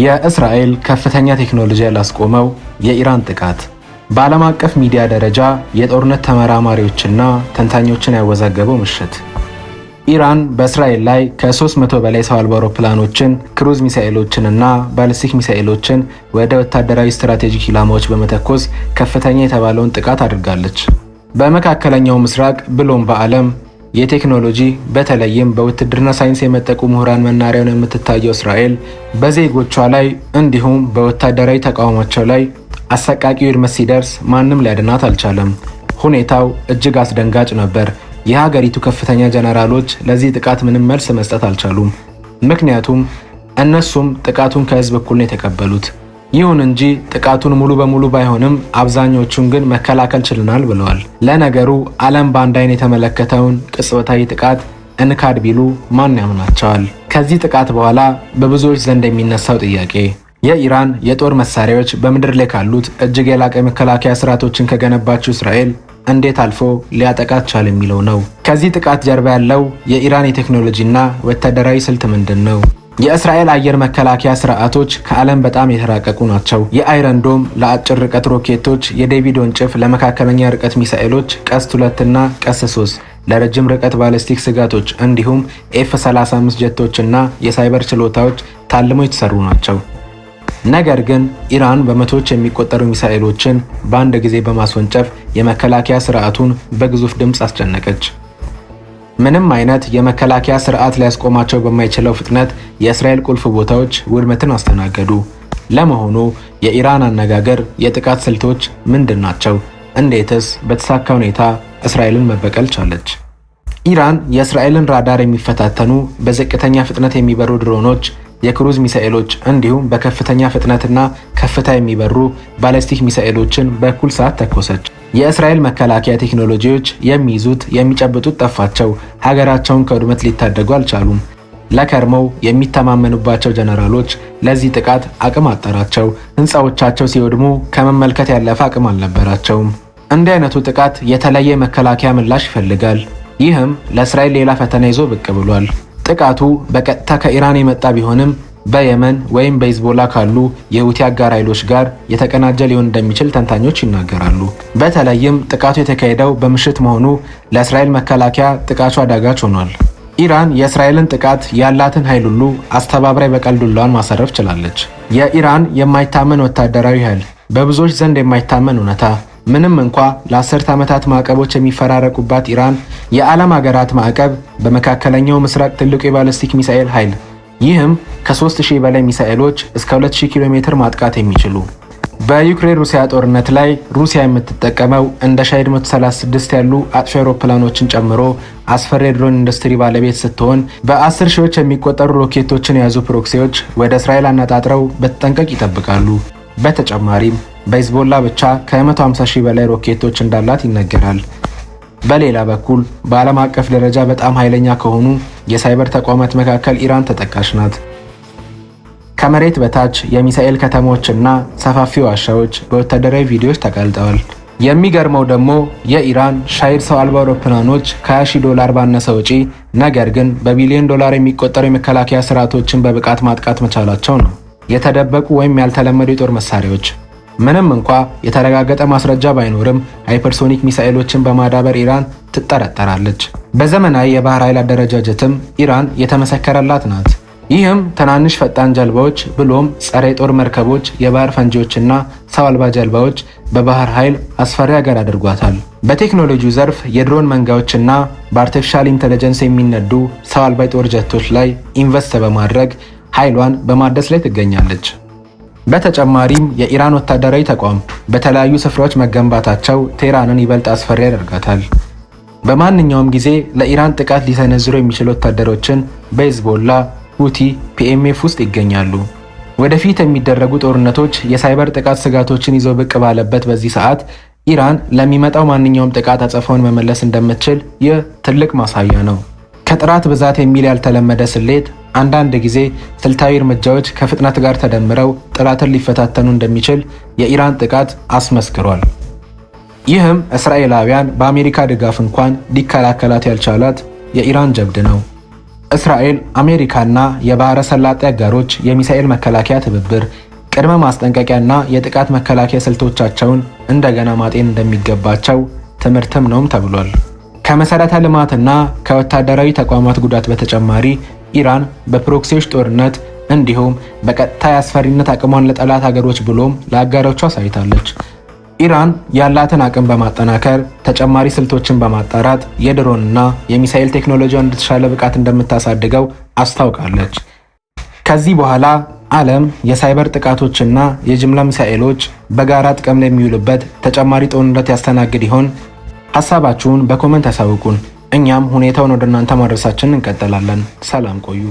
የእስራኤል ከፍተኛ ቴክኖሎጂ ያላስቆመው የኢራን ጥቃት በዓለም አቀፍ ሚዲያ ደረጃ የጦርነት ተመራማሪዎችና ተንታኞችን ያወዛገበው ምሽት ኢራን በእስራኤል ላይ ከ300 በላይ ሰው አልባ አውሮፕላኖችን፣ ክሩዝ ሚሳኤሎችን እና ባሊስቲክ ሚሳኤሎችን ወደ ወታደራዊ ስትራቴጂክ ኢላማዎች በመተኮስ ከፍተኛ የተባለውን ጥቃት አድርጋለች። በመካከለኛው ምስራቅ ብሎም በዓለም የቴክኖሎጂ በተለይም በውትድርና ሳይንስ የመጠቁ ምሁራን መናሪያውን የምትታየው እስራኤል በዜጎቿ ላይ እንዲሁም በወታደራዊ ተቃውሟቸው ላይ አሰቃቂ ውድመት ሲደርስ ማንም ሊያድናት አልቻለም። ሁኔታው እጅግ አስደንጋጭ ነበር። የሀገሪቱ ከፍተኛ ጀነራሎች ለዚህ ጥቃት ምንም መልስ መስጠት አልቻሉም። ምክንያቱም እነሱም ጥቃቱን ከህዝብ እኩል ነው የተቀበሉት። ይሁን እንጂ ጥቃቱን ሙሉ በሙሉ ባይሆንም አብዛኞቹን ግን መከላከል ችለናል ብለዋል። ለነገሩ ዓለም በአንድ ዓይን የተመለከተውን ቅጽበታዊ ጥቃት እንካድ ቢሉ ማን ያምናቸዋል? ከዚህ ጥቃት በኋላ በብዙዎች ዘንድ የሚነሳው ጥያቄ የኢራን የጦር መሳሪያዎች በምድር ላይ ካሉት እጅግ የላቀ መከላከያ ስርዓቶችን ከገነባችው እስራኤል እንዴት አልፎ ሊያጠቃት ቻል የሚለው ነው። ከዚህ ጥቃት ጀርባ ያለው የኢራን የቴክኖሎጂና ወታደራዊ ስልት ምንድን ነው? የእስራኤል አየር መከላከያ ስርዓቶች ከዓለም በጣም የተራቀቁ ናቸው። የአይረንዶም ለአጭር ርቀት ሮኬቶች፣ የዴቪድ ወንጭፍ ለመካከለኛ ርቀት ሚሳኤሎች፣ ቀስት ሁለትና ቀስት ሶስት ለረጅም ርቀት ባለስቲክ ስጋቶች እንዲሁም ኤፍ 35 ጀቶችና የሳይበር ችሎታዎች ታልመው የተሰሩ ናቸው። ነገር ግን ኢራን በመቶዎች የሚቆጠሩ ሚሳኤሎችን በአንድ ጊዜ በማስወንጨፍ የመከላከያ ስርዓቱን በግዙፍ ድምፅ አስጨነቀች። ምንም አይነት የመከላከያ ስርዓት ሊያስቆማቸው በማይችለው ፍጥነት የእስራኤል ቁልፍ ቦታዎች ውድመትን አስተናገዱ። ለመሆኑ የኢራን አነጋገር የጥቃት ስልቶች ምንድን ናቸው? እንዴትስ በተሳካ ሁኔታ እስራኤልን መበቀል ቻለች? ኢራን የእስራኤልን ራዳር የሚፈታተኑ በዝቅተኛ ፍጥነት የሚበሩ ድሮኖች፣ የክሩዝ ሚሳኤሎች እንዲሁም በከፍተኛ ፍጥነትና ከፍታ የሚበሩ ባለስቲክ ሚሳኤሎችን በእኩል ሰዓት ተኮሰች። የእስራኤል መከላከያ ቴክኖሎጂዎች የሚይዙት የሚጨብጡት ጠፋቸው። ሀገራቸውን ከውድመት ሊታደጉ አልቻሉም። ለከርመው የሚተማመኑባቸው ጀነራሎች ለዚህ ጥቃት አቅም አጠራቸው። ህንፃዎቻቸው ሲወድሙ ከመመልከት ያለፈ አቅም አልነበራቸውም። እንዲህ አይነቱ ጥቃት የተለየ መከላከያ ምላሽ ይፈልጋል። ይህም ለእስራኤል ሌላ ፈተና ይዞ ብቅ ብሏል። ጥቃቱ በቀጥታ ከኢራን የመጣ ቢሆንም በየመን ወይም በሂዝቦላ ካሉ የሁቲ አጋር ኃይሎች ጋር የተቀናጀ ሊሆን እንደሚችል ተንታኞች ይናገራሉ። በተለይም ጥቃቱ የተካሄደው በምሽት መሆኑ ለእስራኤል መከላከያ ጥቃቱ አዳጋች ሆኗል። ኢራን የእስራኤልን ጥቃት ያላትን ኃይል ሁሉ አስተባብራይ በቀል ዱላዋን ማሰረፍ ችላለች። የኢራን የማይታመን ወታደራዊ ኃይል በብዙዎች ዘንድ የማይታመን እውነታ ምንም እንኳ ለአስርት ዓመታት ማዕቀቦች የሚፈራረቁባት ኢራን የዓለም ሀገራት ማዕቀብ በመካከለኛው ምስራቅ ትልቁ የባለስቲክ ሚሳኤል ኃይል ይህም ከ3000 በላይ ሚሳኤሎች እስከ 2000 ኪሎ ሜትር ማጥቃት የሚችሉ በዩክሬን ሩሲያ ጦርነት ላይ ሩሲያ የምትጠቀመው እንደ ሻሂድ 136 ያሉ አጥፊ አውሮፕላኖችን ጨምሮ አስፈሪ የድሮን ኢንዱስትሪ ባለቤት ስትሆን በአስር ሺዎች የሚቆጠሩ ሮኬቶችን የያዙ ፕሮክሲዎች ወደ እስራኤል አነጣጥረው በተጠንቀቅ ይጠብቃሉ። በተጨማሪም በሂዝቦላ ብቻ ከ150 ሺህ በላይ ሮኬቶች እንዳላት ይነገራል። በሌላ በኩል በዓለም አቀፍ ደረጃ በጣም ኃይለኛ ከሆኑ የሳይበር ተቋማት መካከል ኢራን ተጠቃሽ ናት። ከመሬት በታች የሚሳኤል ከተሞችና ሰፋፊ ዋሻዎች በወታደራዊ ቪዲዮዎች ተቀልጠዋል። የሚገርመው ደግሞ የኢራን ሻይር ሰው አልባ አውሮፕላኖች ከ20 ዶላር ባነሰ ወጪ ነገር ግን በቢሊዮን ዶላር የሚቆጠሩ የመከላከያ ስርዓቶችን በብቃት ማጥቃት መቻላቸው ነው። የተደበቁ ወይም ያልተለመዱ የጦር መሳሪያዎች ምንም እንኳ የተረጋገጠ ማስረጃ ባይኖርም ሃይፐርሶኒክ ሚሳኤሎችን በማዳበር ኢራን ትጠረጠራለች። በዘመናዊ የባህር ኃይል አደረጃጀትም ኢራን የተመሰከረላት ናት። ይህም ትናንሽ ፈጣን ጀልባዎች ብሎም ጸረ የጦር መርከቦች፣ የባህር ፈንጂዎችና ሰው አልባ ጀልባዎች በባህር ኃይል አስፈሪ ሀገር አድርጓታል። በቴክኖሎጂው ዘርፍ የድሮን መንጋዎችና በአርቲፊሻል ኢንተለጀንስ የሚነዱ ሰው አልባ የጦር ጀቶች ላይ ኢንቨስት በማድረግ ኃይሏን በማደስ ላይ ትገኛለች። በተጨማሪም የኢራን ወታደራዊ ተቋም በተለያዩ ስፍራዎች መገንባታቸው ቴህራንን ይበልጥ አስፈሪ ያደርጋታል። በማንኛውም ጊዜ ለኢራን ጥቃት ሊሰነዝሩ የሚችሉ ወታደሮችን በሂዝቦላ፣ ሁቲ፣ ፒኤምኤፍ ውስጥ ይገኛሉ። ወደፊት የሚደረጉ ጦርነቶች የሳይበር ጥቃት ስጋቶችን ይዘው ብቅ ባለበት በዚህ ሰዓት ኢራን ለሚመጣው ማንኛውም ጥቃት አጸፋውን መመለስ እንደምትችል ይህ ትልቅ ማሳያ ነው። ከጥራት ብዛት የሚል ያልተለመደ ስሌት አንዳንድ ጊዜ ስልታዊ እርምጃዎች ከፍጥነት ጋር ተደምረው ጥራትን ሊፈታተኑ እንደሚችል የኢራን ጥቃት አስመስክሯል። ይህም እስራኤላውያን በአሜሪካ ድጋፍ እንኳን ሊከላከላት ያልቻላት የኢራን ጀብድ ነው። እስራኤል፣ አሜሪካና የባህረ ሰላጤ አጋሮች የሚሳኤል መከላከያ ትብብር፣ ቅድመ ማስጠንቀቂያና የጥቃት መከላከያ ስልቶቻቸውን እንደገና ማጤን እንደሚገባቸው ትምህርትም ነውም ተብሏል። ከመሠረተ ልማትና ከወታደራዊ ተቋማት ጉዳት በተጨማሪ ኢራን በፕሮክሲዎች ጦርነት እንዲሁም በቀጥታ የአስፈሪነት አቅሟን ለጠላት ሀገሮች ብሎም ለአጋሮቿ አሳይታለች። ኢራን ያላትን አቅም በማጠናከር ተጨማሪ ስልቶችን በማጣራት የድሮንና የሚሳኤል ቴክኖሎጂ እንደተሻለ ብቃት እንደምታሳድገው አስታውቃለች። ከዚህ በኋላ ዓለም የሳይበር ጥቃቶችና የጅምላ ሚሳኤሎች በጋራ ጥቅም ላይ የሚውሉበት ተጨማሪ ጦርነት ያስተናግድ ይሆን? ሀሳባችሁን በኮመንት አሳውቁን። እኛም ሁኔታውን ወደ እናንተ ማድረሳችን እንቀጥላለን። ሰላም ቆዩ።